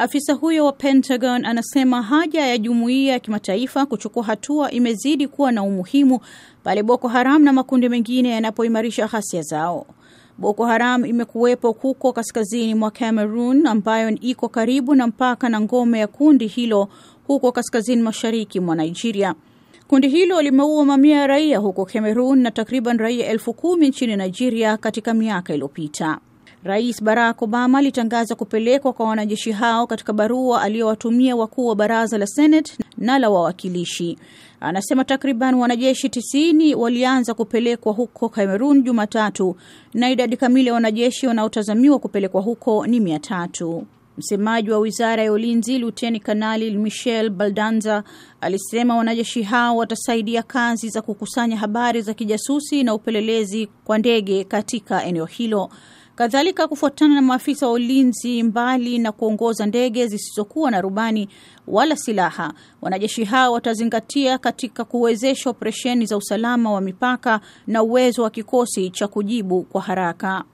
Afisa huyo wa Pentagon anasema haja ya jumuiya ya kimataifa kuchukua hatua imezidi kuwa na umuhimu pale Boko Haram na makundi mengine yanapoimarisha ghasia zao. Boko Haram imekuwepo huko kaskazini mwa Cameroon ambayo iko karibu na mpaka na ngome ya kundi hilo huko kaskazini mashariki mwa Nigeria. Kundi hilo limeua mamia ya raia huko Cameroon na takriban raia elfu kumi nchini Nigeria katika miaka iliyopita. Rais Barack Obama alitangaza kupelekwa kwa wanajeshi hao katika barua aliyowatumia wakuu wa baraza la Senate na la wawakilishi. Anasema takriban wanajeshi tisini walianza kupelekwa huko cameron Jumatatu na idadi kamili ya wanajeshi wanaotazamiwa kupelekwa huko ni mia tatu. Msemaji wa wizara ya ulinzi luteni kanali Michel Baldanza alisema wanajeshi hao watasaidia kazi za kukusanya habari za kijasusi na upelelezi kwa ndege katika eneo hilo. Kadhalika, kufuatana na maafisa wa ulinzi, mbali na kuongoza ndege zisizokuwa na rubani wala silaha, wanajeshi hao watazingatia katika kuwezesha operesheni za usalama wa mipaka na uwezo wa kikosi cha kujibu kwa haraka.